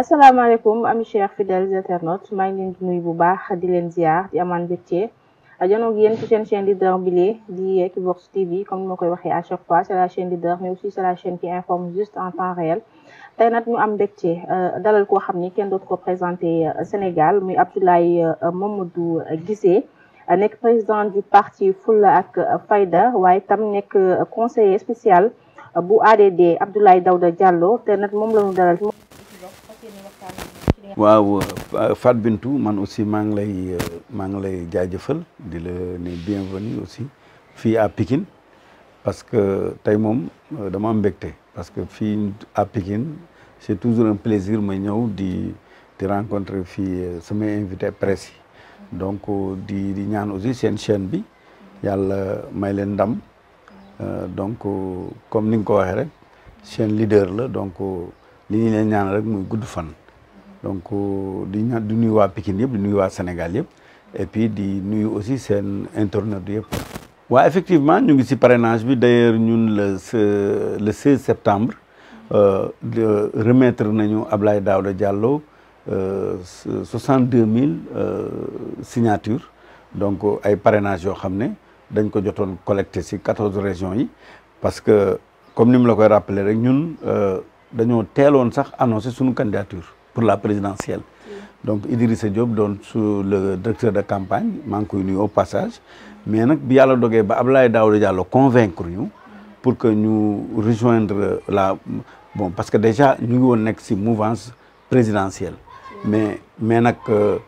asalaamaaleykum ami cher fidèles internautes maa ngi leen di nuyu bu baax di leen ziar di amaan mbégte janoog yéen ci seen chaîne leader bi lee di Equivox TV comme ni ma koy waxee à chaque fois c'est la chaîne leader mais aussi c'est la chaîne qui informe juste en temps réel tey nag ñu am mbégte euh, dalal koo xam ni kenn dootu ko présenté euh, Sénégal muy Abdoulaye euh, du gisee nekk président du parti Fulla ak Fayda waaye tam nekk conseiller spécial bu ADD Abdoulaye Daouda Diallo te nag moom la ñu waaw euh, Fat Bintou man aussi maa ngi lay maa ngi lay jaajëfal di la ne bienvenue aussi fi à Pikine parce que tey moom euh, dama am mbégte parce que fii à Pikine c'est toujours un plaisir ma ñëw di di rencontrer fii euh, samay invité presse yi donc di di ñaan aussi seen chaîne bi yàlla may leen ndam donc comme ni nga ko waxee rek chaîne leader la donc li ñu leen rek muy gudd fan donc di ñaan di nuyu waa Pikine yëpp di nuyu waa Sénégal yëpp et di nuyu aussi seen internautes yëpp waa effectivement ñu ngi si parrainage bi d'ailleurs ñun le le 16 septembre euh, remettre nañu Ablaye Daouda Diallo euh, soixante deux mille euh, signatures donc ay parrainage yoo xam ne dañ ko jotoon collecte si quatorze régions yi parce que comme ni mu la ko rappelé rek ñun dañoo teeloon sax annoncé suñu candidature pour la présidentielle donc Idrissa Diop don su le directeur de campagne maa ngi koy nuyu au passage mais nag bi yàlla dogee ba Abdoulaye Daouda Diallo convaincre ñu pour que ñu rejoindre la bon parce que déjà ñu ngi woon nekk ci mouvance présidentielle mais mais nag euh,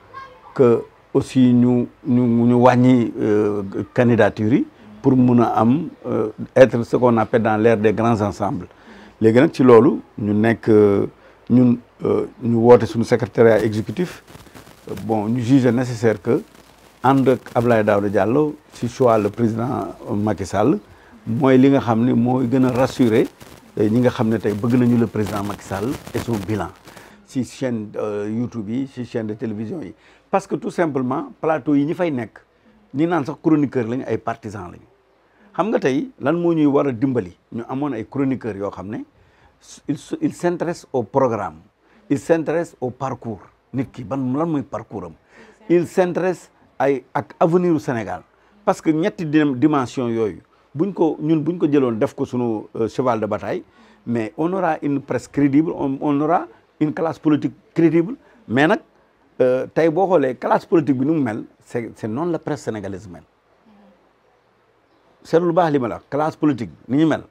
que aussi ñu ñu ñu wàññi euh, candidature yi pour mun a am euh, être ce qu'on appelle dans l'ère des grands ensembles léegi nag ci loolu ñu nekk ñun euh, ñu woote suñu secrétariat exécutif bon ñu juge nécessaire que ànd ak Abdoulaye Daouda Diallo si choix le président Macky Sall mooy li nga xam ni mooy gën a rassurer euh, ñi nga xam ne tey bëgg nañu le président Macky Sall et son bilan si chaîne euh, YouTube yi si chaîne de télévision yi parce que tout simplement plateau yi ñu fay nekk ñi naan sax chroniqueur lañu ay partisans lañu xam nga tey lan moo ñuy war a dimbali ñu amoon ay chroniqueurs yoo xam ne il s'intéresse au programme il s'intéresse au parcours nit ki ban lan mooy parcours am il s'intéresse ay ak avenir Sénégal parce que ñetti dimension yooyu buñ ko ñun buñ ko jëloon def ko sunu euh, cheval de bataille mais on aura une presse crédible on aura une classe politique crédible mais nag euh, tey boo xoolee classe politique bi nu mu mel c'est c'est noonu la presse sénégalaise mel seetlu lu baax li ma la classe politique ni ñu mel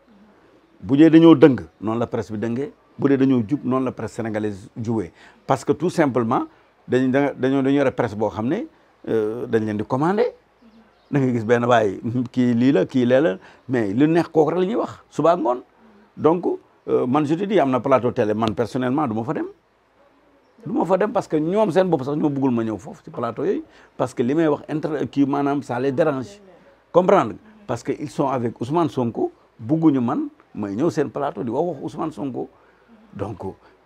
bu dee dañoo dëng noonu la presse bi dëngee bu dee ñoo jub noonu la presse sénégalaise jubee parce que tout simplement dañ da dañoo da yore presse boo xam ne euh, dañ leen di commandé da nga gis benn waay kii lii la kii lee mais lu neex kooku rek la ñuy wax suba ak donc euh, man je di dis am na plateau télé man personnellement du ma fa dem du ma fa dem parce que ñoom seen bopp sax ñoo bëggul ma ñëw foofu ci plateau yooyu parce que li may wax inter kii maanaam ça les dérange parce que ils sont avec Ousmane Sonko bugguñu man may ñëw seen plateau di wax wax Ousmane Sonko donc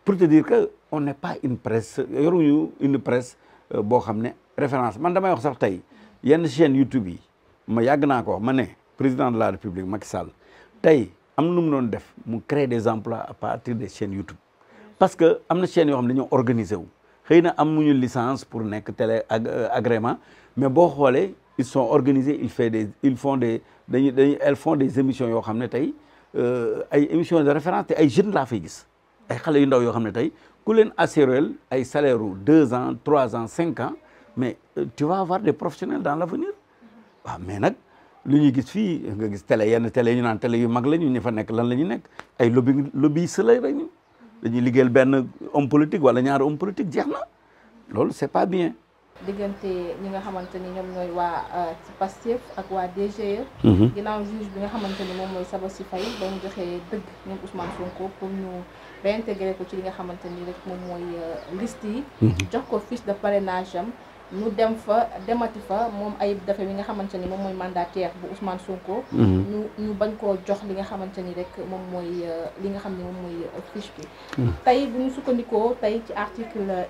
pour te dire que on n'est pas une presse yoruñu une presse euh, boo xam ne référence man damay wax sax tey yenn chaîne YouTube yi ma yàgg naa ko ma ne président de la République Macky Sall tey am nu mu doon def mu créer des emplois à partir des chaînes YouTube parce que am na chaînes yoo xam ne dañoo organiser wu xëy na ñu licence pour nekk télé euh, agrément mais boo xoolee ils sont organisés ils font des ils font des dañuy dañuy elles des émissions yoo xam ne tey euh, ay émissions de référence te ay jeunes laa fay gis ay xale yu ndaw yoo xam ne tey ku leen assurel ay salaire u deux ans trois ans cinq ans mais euh, tu vas avoir des professionnels dans l' avenir waaw mais nag lu ñuy gis fii nga gis télé yenn télé ñu naan télé yu mag la ñu ñu fa nekk lan la ñu nekk ay lobby lobby sa lay rek ñu dañuy benn homme politique wala ñaari homme politique jeex na loolu c' pas bien diggante ñi nga xamante ni ñoom ñooy waa ci euh, Pastef ak waa DGE. Mhm. ginnaaw juge bi nga xamante ni moom mooy Sabassy Faye ba mu joxee dëgg ñoom Ousmane Sonko pour ñu réintégrer ko ci li nga xamante ni rek moom mooy euh, liste yi. Mhm. jox ko fiche de parrainage am ñu dem fa demati fa moom Ayib Daffé mi nga xamante ni moom mooy mandataire bu Ousmane Sonko. Mhm. ñu ñu bañ koo jox li nga xamante ni rek moom mooy euh, li nga xam ne moom mooy fiche bi. tey bu ñu sukkandikoo tey ci article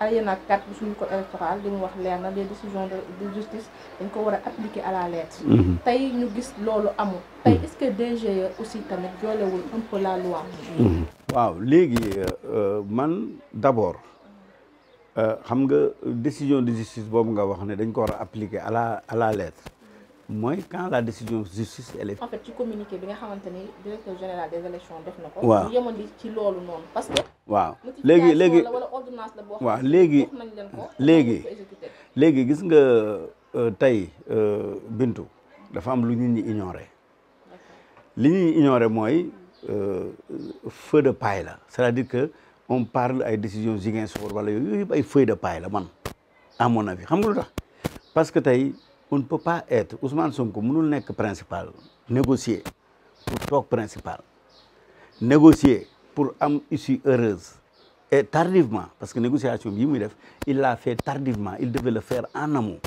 alinéa 4 bu suñu code électoral li mu wax leer na les décisions de justice dañ ko war a appliquer à la lettre mhm. tey ñu gis loolu amul tey mhm. est-ce que aussi tamit joolewul un peu la loi mhm. waaw léegi euh, man d'abord euh, xam nga décision de justice boobu nga wax ne dañ ko war a appliquer à la à mooy quand la décision justice elle est. en fait ci communiqué bi nga xamante ni directeur général des élections def na ko. waaw yemoon ci loolu noonu parce que. waaw léegi léegi wala ordonnance la léegi léegi léegi gis nga euh, tey euh, Bintu dafa am lu ñu ñi ignoré li ñuy ignoré mooy euh, feu de paille la c'est-à-dire que on parle ay décisions Ziguinchor wala yooyu yëpp ay feu de paille la man à mon avis xam nga lu tax parce tey. on ne peut pas être Ousmane Sonko mënul nekk principal négocier pour toog principal négocier pour am issue heureuse et tardivement parce que négociation bi muy def il l'a fait tardivement il devait le faire en amont.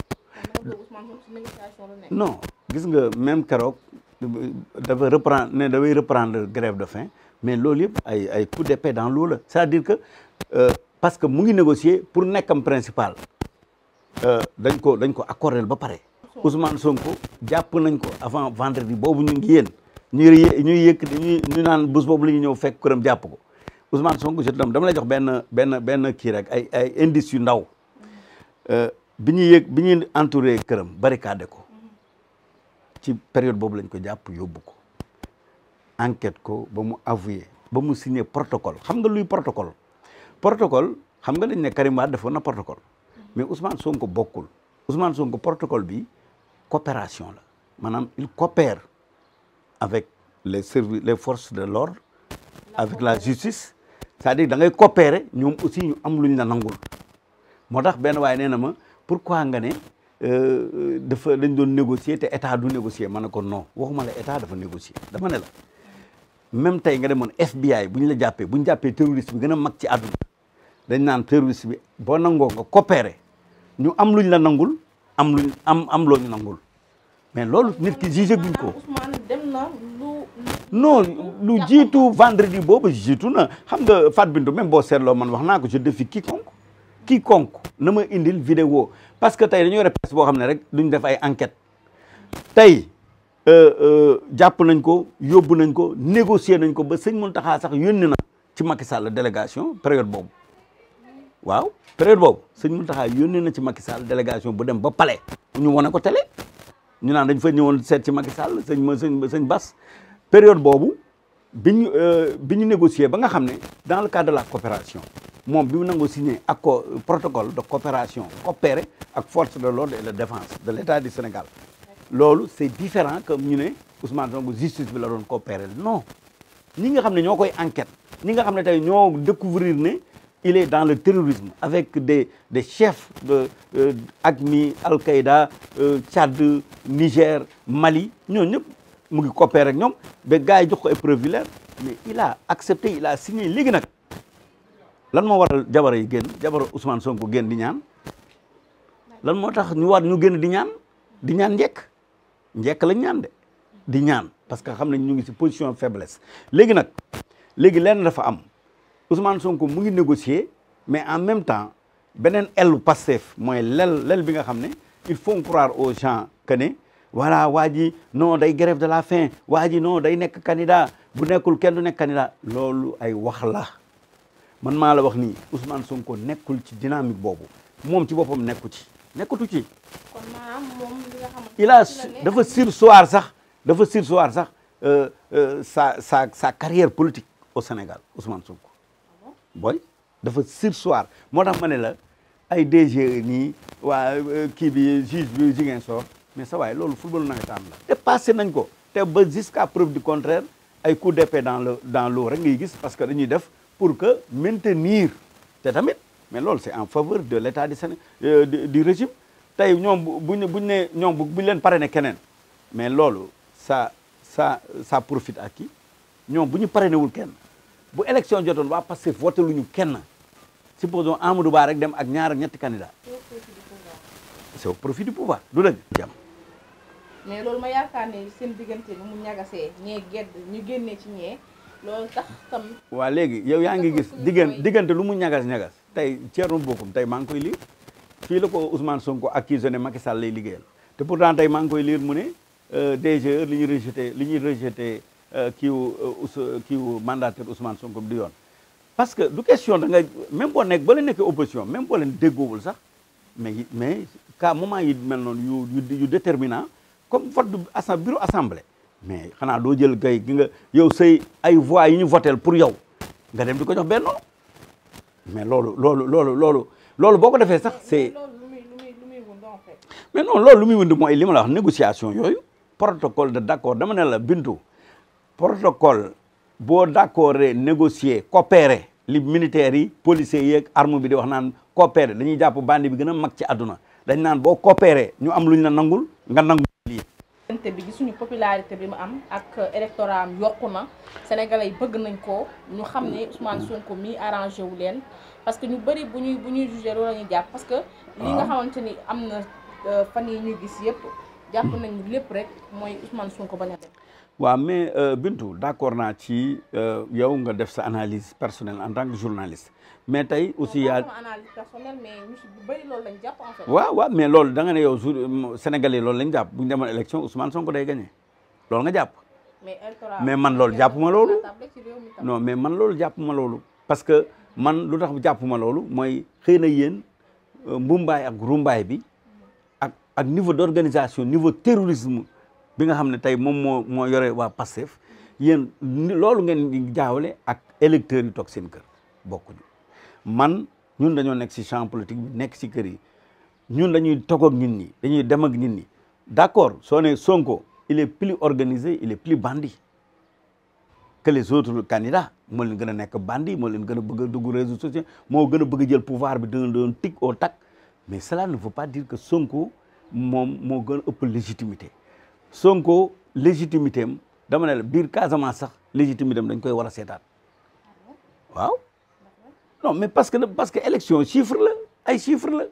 non gis nga même keroog dafa reprendre reprendre grève de fin mais loolu yëpp ay ay coup d'épée dans l'eau la c'est-à-dire que euh, parce que mu ngi négocier pour nekk nekkam principal euh, dañ ko dañ ko accordé ba pare Ousmane Sonko jàpp nañ ko avant vendredi boobu ñu ngi yéen ñuy ñuy yëkkati ñuy ñu naan bus boobu la ñu ñëw fekk këram jàpp ko Ousmane Sonko je dama lay jox benn benn benn kii rek ay ay indice yu ndaw euh, bi ñu yëg bi ñuy entouré këram barricade ko ci période boobu lañ ko jàpp yóbbu ko enquête ko ba mu avoué ba mu signé protocole xam nga luy protocole protocole xam nga dañ ne Karim Wade defoon na protocole mais Ousmane Sonko bokkul Ousmane Sonko protocole bi coopération la maanaam il coopère avec les services les forces de l'ordre avec la justice c'est-à-dire da ngay coopérer ñoom aussi ñu am luñ la nangul moo tax benn waaye nee na ma pourquoi nga ne euh, euh, dafa dañ doon négocier te état du négocier ma ne no non waxuma la état dafa négocier dama ne la même tey nga demoon FBI bu ñu la jàppee bu ñu jàppee terroriste bi gën a mag ci àdduna dañ naan terroriste bi boo nangoo nga coopérer ñu am luñ la nangul am luñ am am loo ñu nangul mais loolu nit ki jugé guñ ko. Ousmane na lu. non lu jiitu vendredi boobu jiitu na xam nga Fatou Bintou même boo seetloo man wax naa ko je défie quiconque quiconque na ma indil vidéo parce que tey dañoo yore presse boo xam ne rek duñ def ay enquête tey euh, euh, jàpp nañ ko yóbbu nañ ko négocier nañ ko ba sëñ Mountakha sax yónni na ci Macky Sall délégation période boobu. waaw période boobu sëñ Mountakha yónnee na ci Macky Sall délégation bu dem ba palais ñu wane ko tele ñu naan dañ fa ñëwoon seet ci Macky Sall sëñ ma sëñ Bass période boobu bi ñu euh, bi ñu négocié ba nga xam ne dans le cadre de la coopération moom bi mu nangoo signé ak protocole de coopération coopéré ak force de l'ordre et de défense de l'État du Sénégal loolu c'est différent que ñu ne Ousmane Sonko justice bi la doon coopéré no ñi nga xam ne ñoo koy enquête ñi nga xam ne tey ñoo découvrir ne il est dans le terrorisme avec des des chefs de euh, AQMI Al-Qaïda euh, Tchad Niger Mali ñooñu ñëpp mu ngi coopérer ak ñoom ba gars yi jox ko ay preuves mais il a accepté il a signé léegi nag lan moo waral jabar yi génn jabar Ousmane Sonko génn di ñaan lan moo tax ñu war ñu génn di ñaan di ñaan njekk njekk lañ ñaan de di ñaan parce que xam nañ ñu ngi ci position faiblesse léegi nag léegi lenn dafa am. Ousmane Sonko mu ngi négocier mais en même temps beneen ellu Pastef mooy lel lel bi nga xam ne il faut croire au gens que ne voilà waa ji non day grève de la fin waa ji non day nekk kanida bu nekkul kenn du nekk kanida loolu ay wax la man maa la wax nii Ousmane Sonko nekkul ci dynamique boobu moom ci boppam nekku ci nekkatu ci. kon dafa surseoir sax dafa surseoir sax euh, euh, sa sa sa carrière politique au Sénégal Ousmane Sonko. booy dafa sursoir moo tax ma ne la ay DG nii waa euh, kii bi juge bi Ziguinchor mais sa waaye loolu football nawetaan la dépassé nañ ko te ba jusqu'à preuve du contraire ay coup d'épée dans le dans l'eau rek ngay gis parce que dañuy def pour que maintenir te tamit mais loolu c'est en faveur de l'état du Sénégal euh, du régime tey ñoom buñ buñ ne ñoom buñ leen parrainé keneen mais loolu ça ça ça profite à qui ñoom bu ñu parrainé wul kenn bu élection jotoon waa Pastef voté lu ñu kenn supposons Amadou Ba rek dem ak ñaar ak ñetti candidat c'est au profit du pouvoir du dëgg jàmm mais loolu ma yaakaar ne seen diggante bi mu ñagasee ñee gedd ñu génnee ci ñee loolu tax tam waa léegi yow yaa ngi gis diggante diggante lu mu ñagas-ñagas tey Thierno Bocoum tey maa koy lire fii la ko Ousmane Sonko accusé ne Macky Sall lay liggéeyal te pourtant tey maa ngi koy lire mu ne euh, DGE li ñuy rejeté li ñuy rejeté Euh, kiiw euh, kiiw mandataire Ousmane Sonko du yoon parce que du question da nga même boo nekk ba la nekkee opposition même boo leen déggoowul sax mais mais cas moment yi mel noonu yu yu déterminant comme vote du bureau assemblée mais xanaa doo jël gay gi nga yow say ay voix yi ñu voteel pour yow nga dem di ko jox benn mais loolu loolu loolu loolu loolu boo ko defee sax c'est mais loolu lu muy ndi mooy li ma la wax négociation yooyu protocole de d'accord dama ne la bintu protocole boo d'accord négocier coopérer li militaires yi policiers yeeg arme bi di wax naan coopérer dañuy jàpp bandi bi gën a mag ci àdduna dañ naan boo coopérer ñu am lu ñu la nangul nga nangul lii te bi gisuñu popularité bi mu am ak électorat am yokku na sénégalais yi bëgg nañ ko ñu xam ne Ousmane Sonko mii arrangé wu leen parce que ñu bëri bu ñuy bu ñuy jugé jàpp parce que ah. li nga xamante ni am na euh, fan yi ñuy gis yëpp jàpp nañ lépp rek mooy Ousmane Sonko bañ a dem waaw mais euh, Bintu d'accord naa ci euh, yow nga def sa analyse personnelle en tant que journaliste mais tey aussi yaa analyse personnelle mais ñu si bëri mais loolu da nga ne yow euh, Sénégalais loolu lañ jàpp bu ñu demoon élection Ousmane Sonko day gagné loolu nga jàpp mais man loolu jàppuma loolu non mais man loolu jàppuma loolu parce que man lu tax jàppuma loolu mooy xëy na yéen mbaay ak rumbaay bi ak ak niveau d'organisation niveau terrorisme bi nga xam ne tey moom moo moo yore waa Pastef yéen loolu ngeen di jaawale ak électeurs yu toog kër bokkuñu man ñun dañoo nekk ci champ bi nekk ci kër yi ñun dañuy toog ak nit ñi dañuy dem ak nit ñi d'accord soo ne Sonko il plus organisé il plus bandi que les autres candidats moo leen gën a nekk bandit moo leen gën a bëgg a dugg réseaux sociaux moo gën a bëgg jël pouvoir bi dina doon tig au tac mais cela ne veut pas dire que Sonko moom moo gën a ëpp légitimité Sonko légitimité am dama ne la biir Casamance sax légitimité am dañ koy war a seetaat waaw non mais parce que parce que élection chiffre la ay chiffre la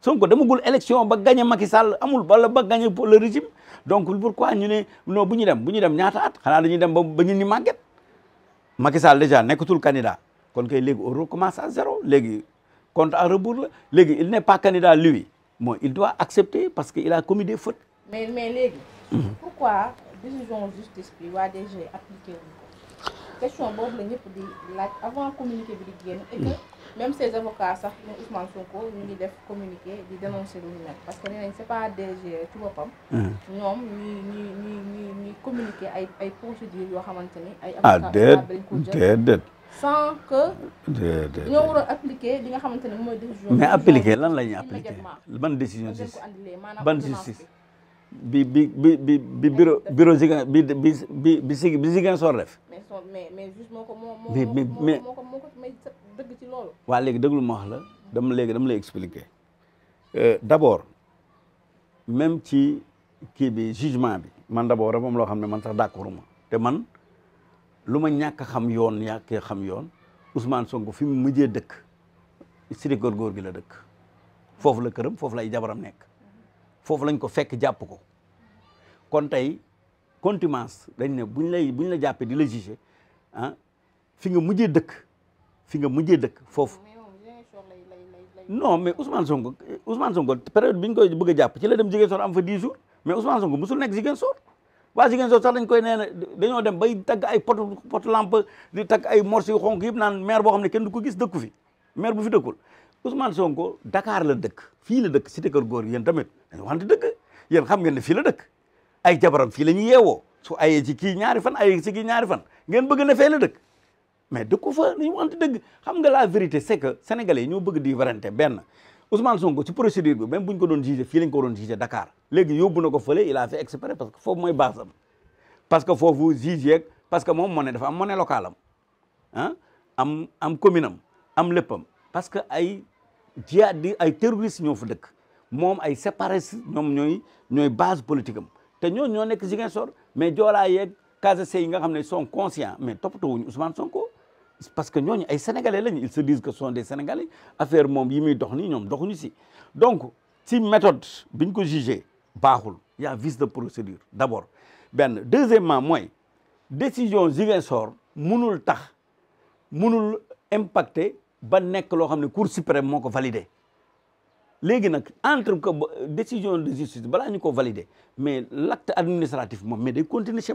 Sonko demagul élection ba gagné Macky Sall amul wala ba gagné pour le régime donc pourquoi ñu ne noo bu ñu dem bu ñu dem ñaata at xanaa dañuy dem ba ba ñu ni màgget Macky Sall déjà nekkatul candidat kon kay léegi on recommence à zéro léegi compte à rebours la léegi il n'est pas candidat lui mooy il doit accepter parce que il a commis mais mais léegi. pourquoi décision justice bi waa DG appliqué wuñ boobu la ñëpp di laaj avant communiqué bi di génn. et que même ses avocats sax ñoom Ousmane ko ñu ngi def communiqué di dénoncer lu ñu mel parce que nee nañ c'est pas DG ci boppam. ñoom ñuy ñuy ñuy ñuy ñuy communiqué ay ay procédures yoo xamante ni. ay ah, avocats dañ sans que. déedéet ñoo waroon appliquer li nga xamante ne mooy décision. mais appliquer lan la ñuy appliquer ban décision justice ban bi bi bi bi bi bi bi bi bi def. mais mais mais juste moo ko moo dëgg ci léegi déglu ma wax la dama léegi dama lay expliquer euh, d'abord même ci kii bi jugement bi man d'abord dafa am loo xam ne man sax d'accord te man lu ma ñàkk xam yoon ñàkkee xam yoon Ousmane Sonko fi mu mujjee dëkk Cité Gorgor gi la dëkk foofu la këram foofu lay jabaram nekk. foofu lañ ko fekk jàpp ko kon tey contumace dañ ne buñ lay buñ la jàppee di la jugé ah fi nga mujjee dëkk fi nga dëkk foofu. non mais Ousmane Sonko Ousmane Sonko période bi ñu koy ci la dem Ziguinchor am fa 10 jours mais Ousmane Sonko musul nekk Ziguinchor waa Ziguinchor sax dañ koy nee na dañoo dem bay tagg ay pot pot lampe di takk ay morceaux yu xonk yëpp naan maire boo xam ne kenn du ko gis dëkku fi maire bu fi dëkkul Ousmane Sonko dakaar la dëkk fii la dëkk si cité kër goor yéen tamit dañu waxante dëkk yéen xam ngeen ne fii la dëkk ay jabaram fii la ñu yeewoo su ayee ci kii ñaari fan ayee ci kii ñaari fan ngeen bëgg na fee la dëkk mais dëkku fa dañu waxante dëgg xam nga la vérité c'est que sénégalais yi ñoo bëgg di warante benn Ousmane Sonko ci procédure bi même bu ñu ko doon jugé fii lañ ko doon jugé Dakar léegi yóbbu na ko fële il a fait exprès parce que mooy base am parce que foofu juge yeeg parce que moom monnaie dafa am monnaie locale am am am commune am am léppam jihaad di ay terroristes ñoo fa dëkk moom ay séparatistes ñoom ñooy ñooy base politique am te ñooñu ñoo nekk Ziguinchor mais joolaa yeeg Casamançais yi nga xam ne sont conscients mais toppatoo wuñu Ousmane Sonko parce que ñooñu ay sénégalais lañu ils se disent que sont des sénégalais affaire moom yi muy dox nii ñoom doxuñu si donc si méthode biñ ko jugé baaxul y a vice de procédure d' abord benn deuxièmement mooy décision Ziguinchor munul tax munul impacter ba nekk loo xam ne cour suprême moo ko validé léegi nag entre que décision de justice balaa ñu ko validé mais l' acte administratif moom mais day continuer chez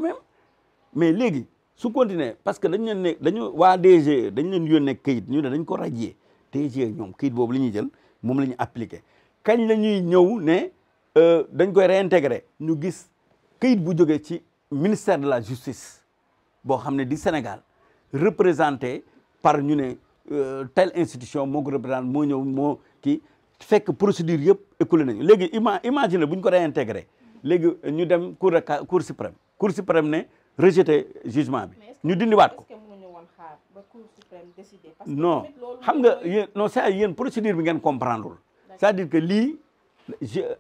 mais léegi su continuer parce que dañ leen ne dañu waa DG dañ leen yónnee kayit ñu ne dañ ko radier DG ñoom kayit boobu la ñuy jël moom la ñu appliqué kañ la ñuy ñëw ne euh, dañ koy réintégré ñu gis kayit bu jógee ci ministère de la justice boo xam ne di Sénégal représenté par ñu ne Euh, telle institution moo ko représente moo ñëw moo kii fekk procédure yëpp écoulé nañu léegi ima imagine bu ñu ko réintégré léegi ñu dem cour de cour suprême cour suprême ne rejeté jugement bi ñu dindiwaat ko non xam nga yéen non c'est yéen procédure bi ngeen comprendre sa cest dire que lii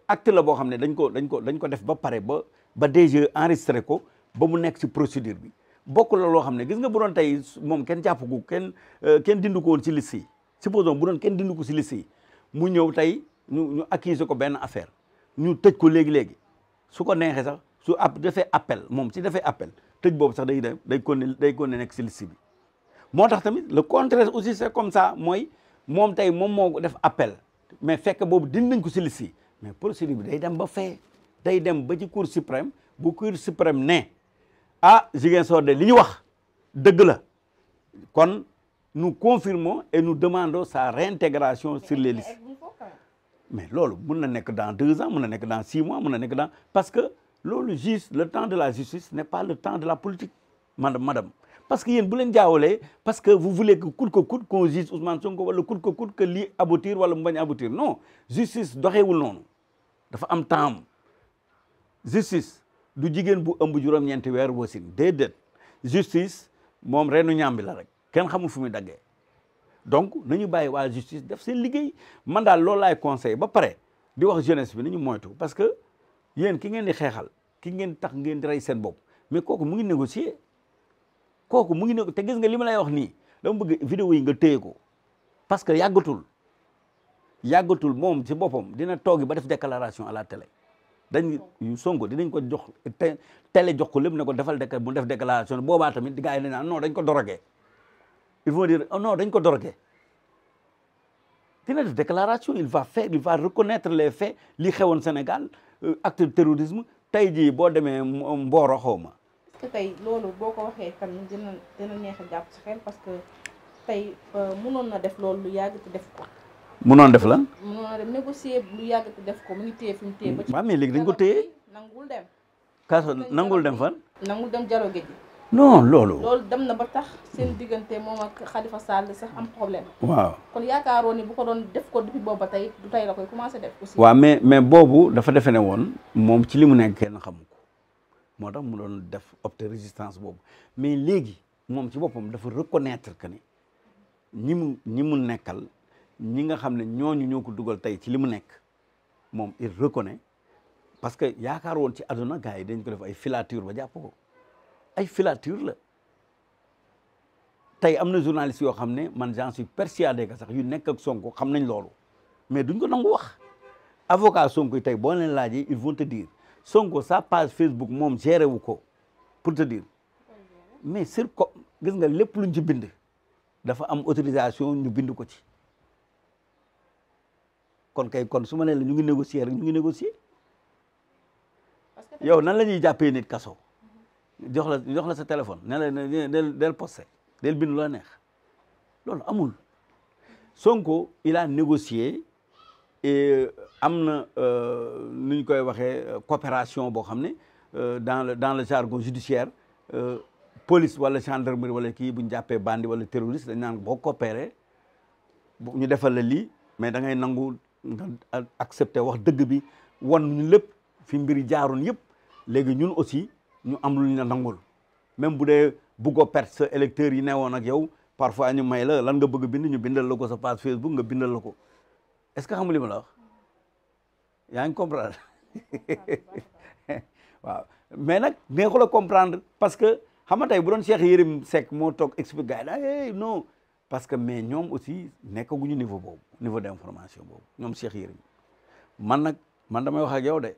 acte la boo xam ne dañ ko dañ ko dañ ko def ba pare ba ba DG enregistré ko ba mu nekk si procédure bi bokk la loo xam ne gis nga bu tey moom kenn jàpp ko kenn euh, kenn dindu ko woon ci liste yi supposons bu doon kenn dindu ko si liste mu ñëw tey ñu ñu accuser ko benn affaire ñu tëj ko léegi-léegi su ko neexee sax su ab defee appel moom si defee appel tëj boobu sax day dem day ko day kon nekk ci liste bi moo tax tamit le contraire aussi c'est comme ça mooy moom tey moom moo def appel mais fekk boobu din nañ ko ci liste yi mais procédure bi day dem ba fee day dem ba ci cour suprême bu cour suprême ne ah Ziguinchor de li ñu wax dëgg la kon nu confirmons et nous demandons sa réintégration sur les listes mais loolu mun na nekk dans deux ans mun na nekk dans six mois mun na nekk dans parce que loolu juste le temps de la justice n'est pas le temps de la politique madame madame parce que yéen bu leen jaawalee parce que vous voulez que coûte que coûte qu'on juge Ousmane Sonko wala coûte que coûte que lii aboutir wala mu bañ aboutir non justice doxewul noonu dafa am temps justice du jigéen bu ëmb juróom-ñeenti weer wasin déedéet justice moom reenu ñaambi la rek kenn xamul fu muy daggee donc nañu bàyyi waa justice def seen liggéey man daal loolu laay conseil ba pare di wax jeunesse bi nañu moytu parce que yéen ki ngeen di xeexal ki ngeen tax ngeen di rey seen bopp mais kooku mu ngi négocier kooku mu ngi négo te nga li ma lay wax nii dama bëgg vidéo yi nga téye ko parce que yàggatul yàggatul moom ci boppam dina toogi ba def déclaration à la dañ Sonko dinañ ko jox te télé jox ko lépp na ko defal dëkk mu def déclaration boobaa tamit gars yi ne naan dañ ko dorogee il faut dañ ko dorogee dina def déclaration il va faire il va reconnaître le faits li xewoon Sénégal euh, act de terrorisme tey jii boo demee Mboro xaw ma. que tey loolu boo ko waxee tamit dina dina neex jàpp ci xel parce que tey euh, mënoon na def loolu lu yàgg te def ko. mu munoon def la. munoon dem négocier lu yàgg def ko mu ngi téye fi mu téye ba ci. waaw mais léegi dañ ko téye. nangul dem. kaasa nangul dem fan. nangul dem dialogue ji. non loolu. loolu dem na ba tax seen diggante moom ak xalifa Sall sax am problème. waaw kon yaakaaroon ni bu ko doon def ko depuis boobu ba tey du tey la koy commencé def. aussi waaw mais mais boobu dafa defe ne woon moom ci li mu nekk kenn xamu ko moo tax mu doon def opté résistance boobu mais léegi moom ci boppam dafa reconnaître que ni ñi mu ñi mu nekkal. ñi nga xam ne ñooñu ñoo ko dugal tey ci li mu nekk moom il reconnaît parce que yaakaar woon ci àdduna gars yi dañ ko def ay filature ba jàpp ko ay filature la tey am na journaliste yoo xam ne man j'en suis persuadé que sax yu nekk ak Sonko xam nañ loolu mais duñ ko nangu wax avocat Sonko yi tey boo leen laajee ils vont te dire Sonko sa page Facebook moom géré wu ko pour te dire mais sur ko gis nga lépp luñ ci bind dafa am autorisation ñu bind ko ci kon kay kon su ma nee la ñu ngi négocier rek ñu ngi négocier yow nan la ñuy jàppee nit kaso jox la jox la sa téléphone ne la del del posté del bind loo neex loolu amul Sonko il a euh, am na euh, nu ñu koy waxee coopération boo xam ne euh, dans le dans le jargon judiciaire police wala gendarmerie wala kii bu ñu jàppee bandi wala terroriste dañ naan boo coopéré ñu defal la lii mais da ngay nangu nga accepté wax dëgg bi wan ñu lépp fi mbiri jaaroon yëpp léegi ñun aussi ñu am lu ñu nangul même bu dee buggoo perte sa électeurs yi newoon ak yow parfois ñu may la lan nga bëgg bind ñu bindal la ko sa page Facebook nga bindal la ko est-ce que xam nga li ma la wax yaa ngi comprendre mais nag neexu la comprendre parce que xam nga tey bu doon Cheikh Yérim sek moo toog expliqué gars yi non parce que mais ñoom aussi nekkaguñu niveau boobu niveau de information boobu ñoom Cheikh Yérim man nag man damay wax ak yow de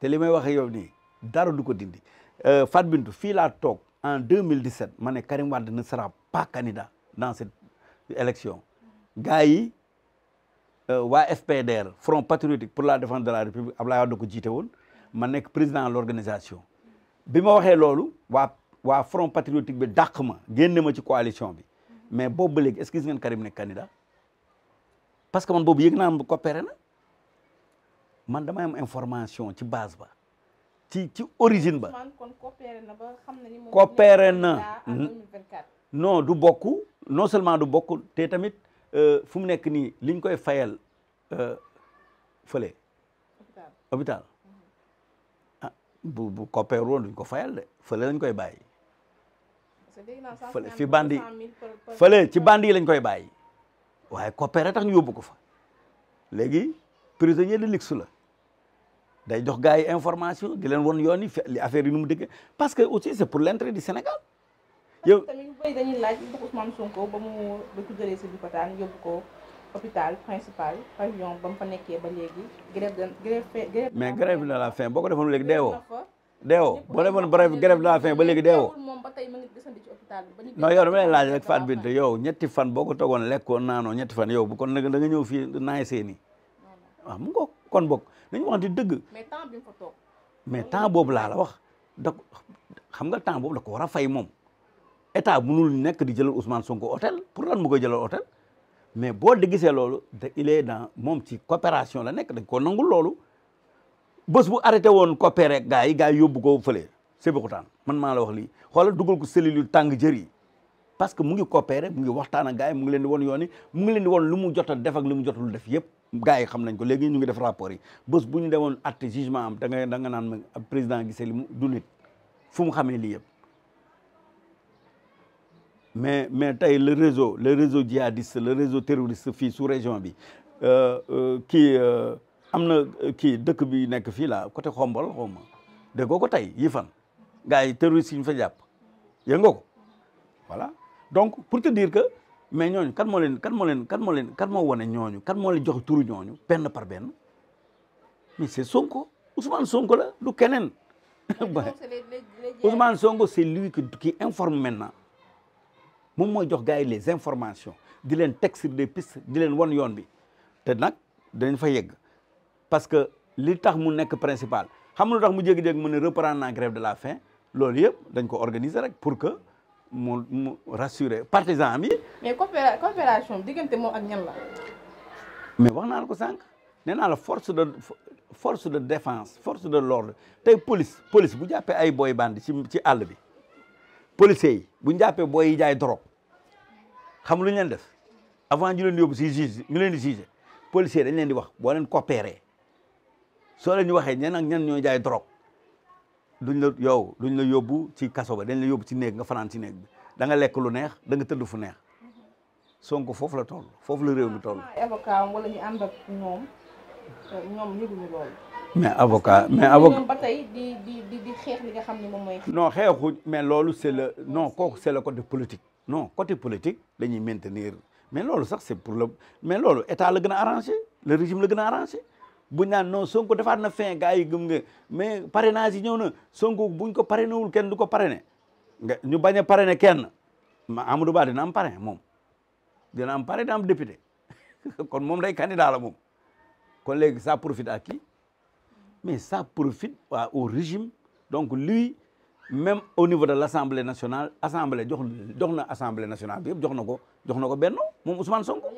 te li may wax yow nii dara du ko dindi euh, Fat Bintou fii laa toog en 2017 ma ne Karim Wade ne sera pas candidat dans cette élection gars yi euh, waa FPDR Front Patriotique pour la défense de la République Abdoulaye Wade ko jiite woon ma nekk président de l' bi ma waxee loolu waa waa Front Patriotique bi dàq ma génne ma ci coalition bi mais boobu ba léegi est-ce que gis ngeen Karim nekk candidat parce que man boobu yëg naa ne na man dama am information ci base ba ci ci origine ba. kon coopéré na ba xam na ni na mm-hmm. non du bokk non seulement du bokk te tamit euh, fu mu nekk nii liñ koy fayal euh, fële. hôpital mm-hmm. ah bu bu coopéré woon duñ ko fayal de fële lañ koy bàyyi. fële fi bandi fële ci bandi yi lañ koy bàyyi waaye coopéré tax ñu yóbbu ko fa léegi prisonnier de luxe la day jox gars yi information di leen won yoon yi li affaire yi nu mu dëggee parce que aussi c'est pour l'intérêt du Sénégal yow tamit ñu bëri dañuy laaj ndax Ousmane Sonko ba mu ba ko jëlee si Bikotaan yóbbu ko hôpital principal pavillon ba mu fa nekkee ba léegi grève de la faim boo ko defoon léegi deewoo deewoo boo demoon bref grève de la ba léegi deewoo non yow dama lay laaj rek Fatou Binta yow ñetti fan boo ko toogoon lekkoo naanoo ñetti fan yow bu kon nag da nga ñëw fii naay seeni waaw mu ngoog kon boog nañu wax di dëgg mais temps bi mais temps boobu laa la wax da xam nga temps boobu da ko war a fay moom bu mënul nekk di jëlal Ousmane Sonko hôtel pour lan mu koy jëlal hôtel mais boo di gisee loolu te il est dans moom ci coopération la nekk dañ ko nangul loolu bés bu arrêté woon coopéré gars yi gars yi yóbbu ko fële Sébikotane man maa la wax lii xoolal dugal ko cellule yu tàng jër yi parce que mu ngi coopéré mu ngi waxtaan ak gars yi mu ngi leen di woon yoon mu ngi leen di woon lu mu jot ak lu mu jotul def yëpp gars yi xam nañ ko léegi ñu ngi def rapport yi bés bu ñu demoon atte jugement am da nga da nga naan président gisee li mu du nit fu mu xamee lii yëpp mais mais tey le réseau le réseau djihadiste le réseau terroriste fii su région bi euh, euh, kii euh, am na euh, kii dëkk bi nekk fii la côté xombol xaw ma déggoo ko tey yi fan gars yi terroriste yi ñu fa jàpp yëg nga ko voilà donc pour te dire que mais ñooñu kan moo leen kan moo leen kan moo leen kan moo wane ñooñu kan moo leen jox turu ñooñu benn par benn mais c'est Sonko Ousmane Sonko la du keneen Ousmane Sonko c'est lui qui informe maintenant moom mooy jox gars yi les information di leen teg sur des di leen wan yoon bi te nag dinañ fa yegg parce que li tax mu nekk principal xam nga lu tax mu jékki-jékki mu ne reprendre naa grève de la fin loolu yëpp dañ ko organiser rek pour que mu mu rassurer partisan bi. mais coopéra coopération diggante moom ak ñan la. mais wax naa la ko sànq nee naa la force de force de défense force de l'ordre tey police police bu jàppee ay boy bandi ci ci àll bi policiers yi bu ñu jàppee boy yi jaay drogue xam lu ñu leen def avant ñu leen di yóbbu si juge ñu leen di juger dañ leen di wax boo leen coopérer. soo leen ñu waxee ñan ak ñan ñooy jaay drogue duñ la yow duñ la yóbbu ci kaso ba dañ la yóbbu ci néeg nga fanaan ci néeg bi da nga lekk lu neex danga nga tëdd fu neex Sonko foofu la tool foofu la réew mi toll. Ah, avocat wala ñu ànd ak ñoom mais avocat mais avocat di xeex li nga xam ne moom mooy. non xeexu mais loolu c' no le non kooku c' est le politique. no côté politique dañuy maintenir mais loolu sax c' est pour le mais loolu état la gën a arrangé le régime la gën a arrangé. buñ naan non Sonko defaat na fin gars yi gëm nga mais parrainage yi ñëw na Sonko buñ ko parrainé wul kenn du ko parrainé nga ñu bañ a parrainé kenn ma Amadou Ba dina am parrain moom dina am parrain dina am kon moom day candidat la moom kon léegi ça profite à qui mais ça profite waa au régime donc lui même au niveau de l' assemblée nationale assemblée jox jox na assemblée national bi yëpp jox na ko jox na ko benno moom Ousmane Sonko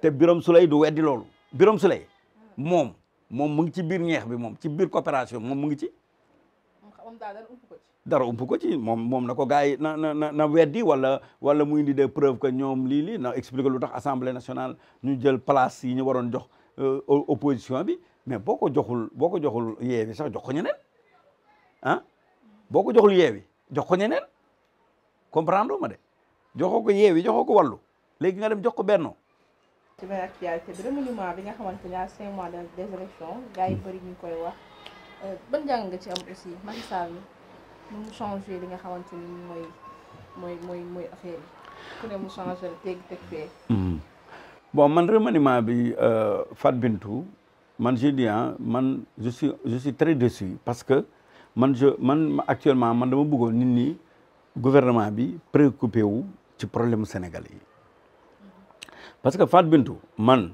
te Biram Souley du weddi loolu Biram Souley moom moom mu ngi ci biir ñeex bi moom ci biir coopération moom mu ngi ci. dara ump ko ci moom moom na ko gars yi na na na na weddi wala wala muy indi des preuves que ñoom lii lii na explique lu tax assemblée nationale ñu jël place yi ñu waroon jox euh, opposition bi mais boo ko joxul boo ko joxul yeewi sax jox ko ñeneen ah boo ko joxul yeewi jox ko ñeneen comprendre ma de joxoo ko yeewi joxoo ko wallu léegi nga dem jox ko benno ci benn actualité bi remaniement bi nga xamante ne à cinq mois des élections gars yi bëri ñu koy wax euh, ban jàng nga ci am aussi Macky Sall mu changé li nga xamante ni mooy mooy mooy mooy ku ne mu changé teg teg fee. Hmm. bon man remaniement bi euh, Fat Bintou man je dis ah man je suis je suis très déçu parce que man je man actuellement man dama buggoon nit ñi gouvernement bi préoccupé wu ci problème mu Sénégal yi. parce que Fat Bintou man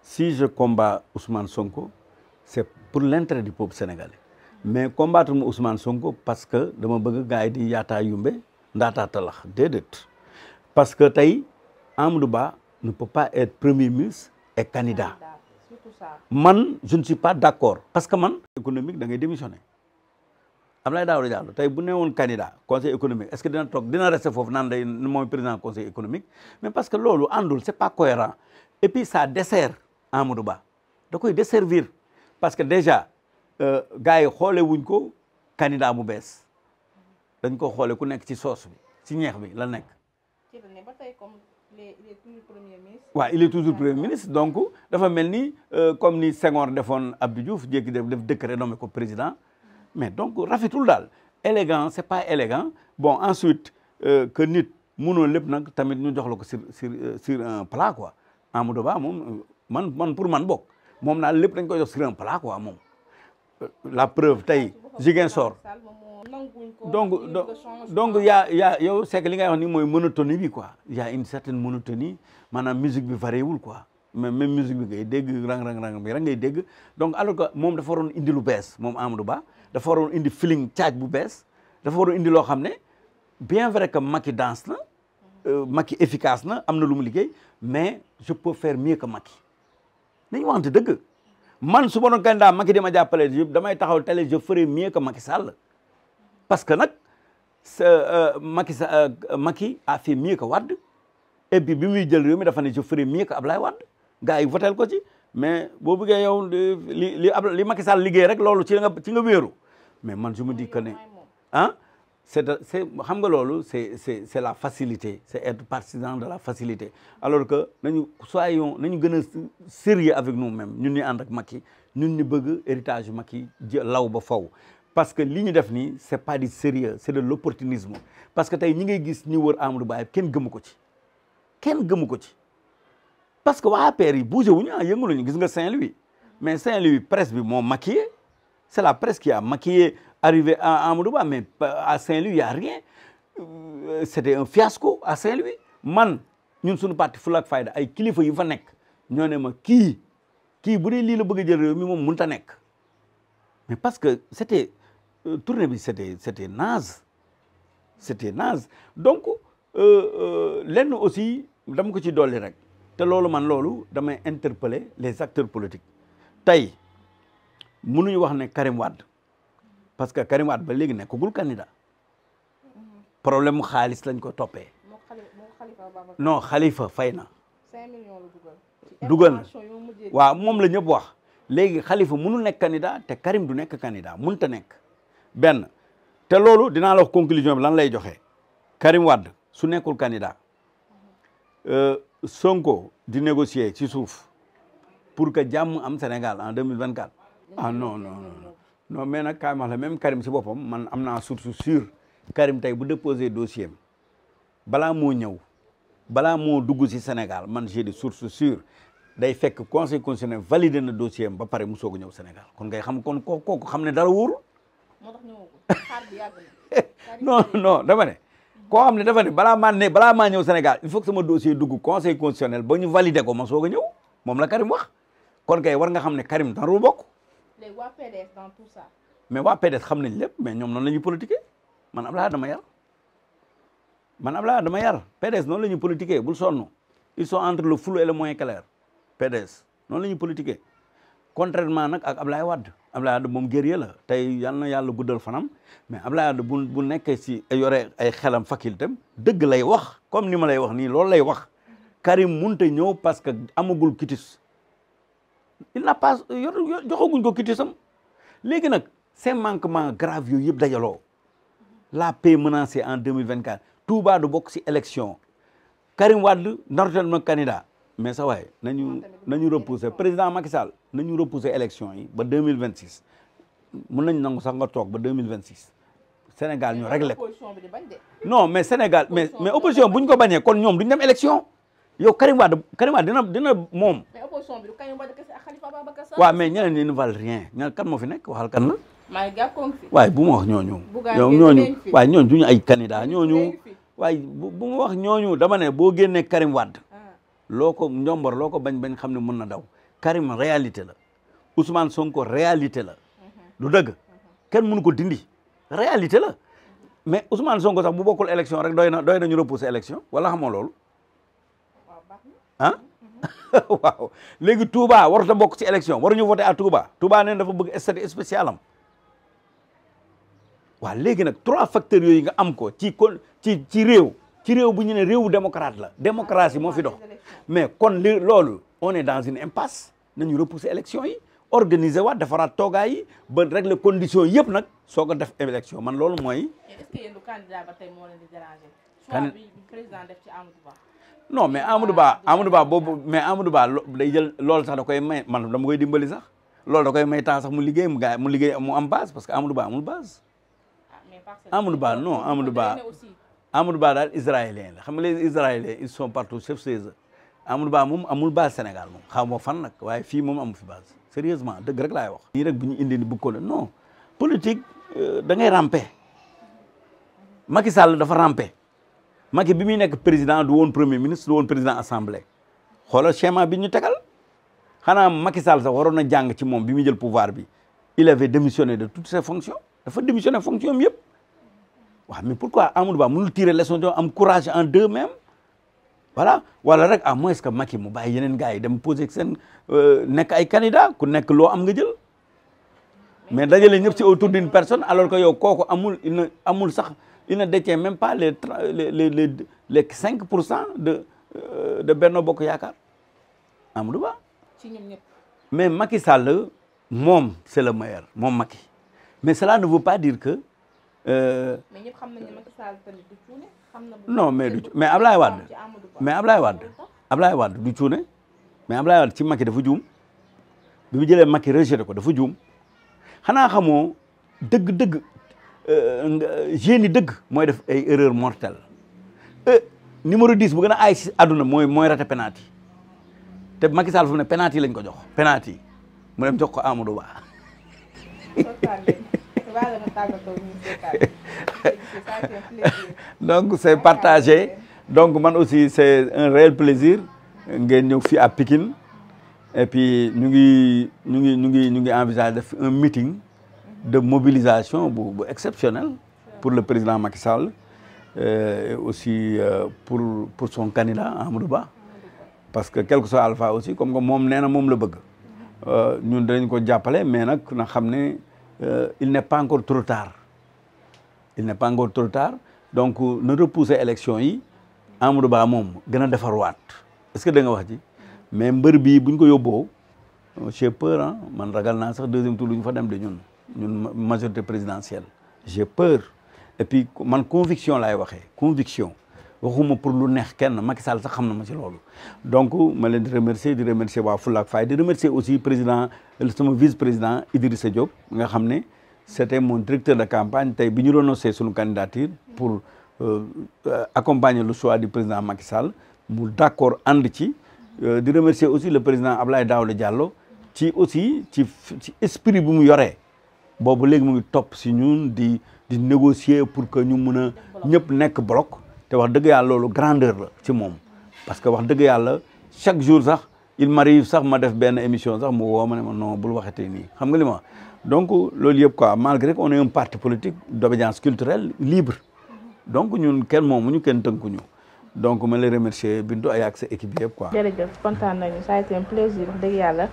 si je combat Ousmane Sonko c'est pour l'intérêt du peuple sénégalais mais combattre mu Ousmane Sonko parce que dama bëgg gars yi di yaataa yumbe ndaataa talax déedéet parce que tey Amadou Ba ne peut pas être premier ministre et candidat man je ne suis pas d'accord parce que man économique da ngay démissionner Abdoulaye Daouda Diallo tey bu newoon candidat conseil économique est-ce que dina toog dina rester foofu naan day mooy président conseil économique mais parce que loolu àndul c'est pas cohérent et puis ça dessert Amadou Ba da koy desservir parce que déjà euh, gars yi xoole wuñ ko candidat bu bees dañ ko xoole ku nekk ci soos bi ci ñeex bi la nekk waaw il est toujours premier ministre donc dafa mel ni euh, comme ni Senghor defoon Abdou Diouf jékki def def décret nommé ko président mais donc rafetul daal élégant c'est pas élégant bon ensuite euh, que nit mënoo lépp nag tamit ñu jox la ko sur sur euh, sur un plat quoi Amadou Ba moom euh, man man pour man bokk moom naa lépp dañ koy jox sur un plat quoi moom la preuve tey Ziguinchor donc donc yaa yaa yow c'est que li ngay wax ni mooy monotonie bi quoi y a une certaine monotonie maanaam musique bi varié wul quoi même même musique bi ngay dégg rang rang rang bi rek ngay dégg donc alors moom dafa indi lu bees moom Amadou Ba dafa waroon indi feeling charge bu bees dafa waroon indi loo xam ne bien vrai que Macky danse na euh, Macky efficace na am na lu mu liggéey mais je peux faire mieux que Macky nañu waxante dëgg man su ma doon candidat Macky di ma jàppale yëpp damay taxaw télé je ferai mieux que parce que nag sa euh, Macky sa euh, Macky a fait mieux que bi muy jël réew mi dafa ne je ferai mieux yi votel ko ci mais boo bëggee yow li li li Macky Sall liggéey rek loolu ci nga ci nga wéeru mais man je me dis que ne ah c'est c'est xam nga loolu c'est c'est c'est la facilité c'est être partisan de la facilité alors que nañu soyons nañu gën a sérieux avec nous-mêmes ñun ñu ànd ak Macky ñun ñu bëgg héritage ji law ba faw parce que li ñu def nii c'est pa du sérieux c'est de l'opportunisme parce que tey ñi ngay gis ñu wër Amadou Ba kenn gëmu ko ci kenn gëmu ko ci parce que waa APR yi bougé wuñu ah yëngu luñu gis nga Saint-Louis mais Saint-Louis presse bi moo maquillé C'est la presse qui a maquillé arrivé à Amadouba, mais à Saint-Louis, il n'y a rien. Euh, c'était un fiasco à Saint-Louis. Man, ñun suñu parti Fulak Fayda ay kilifa yu fa nekk ñoo ne ma kii kii bu dee lii la bëgg a jël réew mi moom mënut a nekk mais parce que c'était euh, tournée bi c'était c'était naze c'était naze donc euh, lenn aussi dama ko ci dolli rek te loolu man loolu damay interpeller les acteurs politiques tey mënuñu wax ne Karim Wade parce que Karim Wade ba léegi nekkagul kanida problème mu xaalis lañ ko toppee. non Khalifa fay na. 5 dugal. dugal na waaw moom la ñëpp wax. léegi Khalifa mënul nekk candidat te Karim du nekk kanida candidat mënta nekk benn te loolu dinaa la wax conclusion bi lan lay joxe Karim Wade su nekkul candidat euh, Sonko di négocier ci suuf pour que jàmm am Sénégal en 2024 ah non non non non mais nag kaay ma la même Karim si boppam man am naa source sûre Karim tey bu déposé dossier am balaa moo ñëw balaa moo dugg si Sénégal man j'ai des sources day fekk conseil constitutionnel validé na dossier ba pare mu soog a ñëw Sénégal kon ngay xam kon kooku xam ne dara wóorul. moo tax ñëwoo ko xaar ne. koo xam ne dafa ne balaa maa ne balaa maa ñëw Sénégal il faut sama dossier dugg conseil constitutionnel ba ñu validé ko ma soog a ñëw moom la Karim wax kon kay war nga xam ne Karim darul bokk. léegi waa PDS dans tout ça. mais waa PDS xam nañ lépp mais ñoom noonu la ñuy politiquer man Abdoulaye dama yar man Abdoulaye dama yar PDS noonu la ñuy politiquer bul sonn il sont entre le flou et le moyen clair PDS noonu la ñuy politiquer contrairement nag ak Abdoulaye Wade Abdoulaye Wade moom guerrier la tey yal na yàlla guddal fanam mais Abdoulaye Wade bu bu nekkee si yore ay xelam faculté dëgg lay wax comme ni ma lay wax nii loolu lay wax Karim munta ñëw parce que amagul kitis il n'a pas yor joxaguñ ko kitisam léegi nag ces manquements graves yooyu yëpp dajaloo la paix menacée en 2024 Touba du bokk si élection Karim Wade narutal ma candidat mais sa waay nañu nañu repousser président Macky Sall nañu repousser élection yi ba 2026 mun nañ nangu sax nga toog ba vingt 2026 Sénégal ñu réglé ko no mais Sénégal mais mais opposition bu ñu ko bañee kon ñoom duñ dem élection yow Karim Wade Karim Wade dina dina moom. mais opposition bi du Karim rien ñaan kan moo fi nekk waxal kan la. maa ngi gàkkoon fi. waaye bu ma wax ñooñu. yow ñooñu waaye ñooñu duñu ay candidat ñooñu. waay bu ma wax ñooñu dama ne boo génnee Karim Wade. Ah. loo ko njombar loo ko bañ bañ xam ne mën na daw Karim réalité la Ousmane Sonko réalité la. lu mhm. dëgg kenn mënu ko dindi réalité la mais Ousmane Sonko sax bu bokkul élection rek doy na doy na ñu repousser élection wala loolu. ah waaw léegi Touba warut a bokk ci élection waruñu voté à Touba Touba neen dafa bëgg statut spécial am waaw léegi nag trois facteurs yooyu nga am ko ci kon ci ci réew ci réew bu ñu ne réewu démocrate la démocratie moo fi dox mais kon li loolu on est dans une na nañu repousser élection yi organiser waat defaraat toogaay yi ba régler condition yëpp nag soo ko def élection man loolu mooy. est moo leen di ci Amadou non mais Amadou Ba Amadou boobu mais Amadou Ba day jël loolu sax da koy may man dama koy dimbali sax loolu da koy may temps sax mu liggéey mu gaay mu liggéey mu am base parce que Amadou Ba amul base. Ah, Amadou Ba non Amadou Ba Amadou Ba daal israélien la xam nga les israéliens ils sont partout chef chez eux Amadou Ba moom amul base Sénégal moom xaw ma fan nag waaye fi moom amu fi base sérieusement dëgg rek laay wax. nii bu ñu indi bu ko la non dangay euh, da ngay Sall dafa ramper. Macky bi muy nekk président du woon premier ministre du woon président assemblée xoolal schéma bi ñu tegal xanaa Macky Sall sax waroon na jàng ci moom bi muy jël pouvoir bi il avait démissionné de toutes ses fonctions dafa démissionné fonction am yëpp mi mais pourquoi Amadou Ba mënul tirer leçon do am courage en deux même voilà wala rek à mois que Macky mu bàyyi yeneen gars yi dem poser seen euh, nekk ay candidat ku nekk loo am nga jël mais dajale ñëpp ci autour d'une personne alors que yow kooku amul amul sax il ne détient même pas les les les les les cinq pour cent de euh, de Benno Bokk Yaakaar Amadou Ba. ci mais Macky Sall moom c'est le meilleur moom Macky mais cela ne veut pas dire que. Euh, mais xam nañu na. non mais du mais Ablaye Wade mais Ablaye Wade Ablaye Wade du cuune mais Ablaye Wade ci Macky dafa juum bi mu jëlee Macky rejeté ko dafa juum xanaa xamoo dëgg-dëgg. Euh, génie dëgg mooy def ay erreur mortelle euh, numéro 10 bu gën a aay si mooy mooy raté penalty te Macky Sall fu mu ne penalty lañ ko jox penalty mu dem jox ko Amadou Ba. donc c' est partagé donc man aussi c' est un réel plaisir ngeen ñëw fi à Pikine et ñu ngi ñu ngi ñu ngi ñu ngi envisage def un meeting. de mobilisation bu bu exceptionnelle pour le président Macky Sall euh, aussi euh, pour pour son candidat Amadou Ba parce que quel soit Alpha aussi comme que moom nee na moom la bëgg euh, ñun dinañ ko jàppale mais nag na xam ne euh, il n'est pas encore trop tard il n'est pas encore trop tard donc na repousser élection yi Amadou Ba moom gën a defarwaat est-ce que da wax ji mais mbër bu buñ ko yóbboo j'ai peur ah man ragal naa sax deuxième tour lu ñu fa dem de ñun ñun majorité présidentielle j'ai peur et puis man conviction laay waxee conviction waxuma pour lu neex kenn Macky Sall sax xam na ma ci loolu donc ma leen di remercier di remercier waa Fulla ak Fayda di remercier aussi président sama vice président Idrissa nga xam ne c'était mon directeur de campagne tey bi ñu renoncé suñu candidature pour euh, accompagner le choix du président Macky Sall mu d'accord ànd ci euh, di remercier aussi le président Ablaye Daouda Diallo ci aussi ci ci esprit bu mu yoree boobu léegi mu ngi topp si ñun di di négocier pour que ñu mun a ñëpp nekk bloc te wax dëgg yàlla loolu grandeur la ci moom parce que wax dëgg yàlla chaque jour sax il mari sax ma def benn émission sax mu woo ma ne ma non bul waxatee nii xam nga li ma donc loolu yëpp ko malgré qu'on est un parti politique d'obédience culturelle libre donc ñun kenn moomuñu kenn tënkuñu donc ma lay remercier Bintou ay ak sa équipe yëpp quoi. jërëjëf kontaan nañu ça a été un plaisir yàlla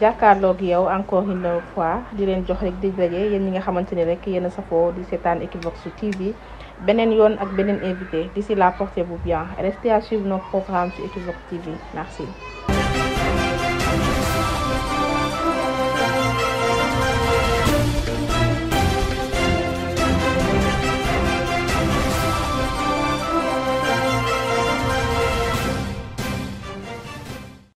jàkkaarloog yow encore une fois di leen jox rek di daje yéen ñi nga xamante ni rek yéen a safoo di seetaan Equivox TV beneen yoon ak beneen invité d'ici là portez-vous bien restez à suivre nos programmes sur Equivox TV merci.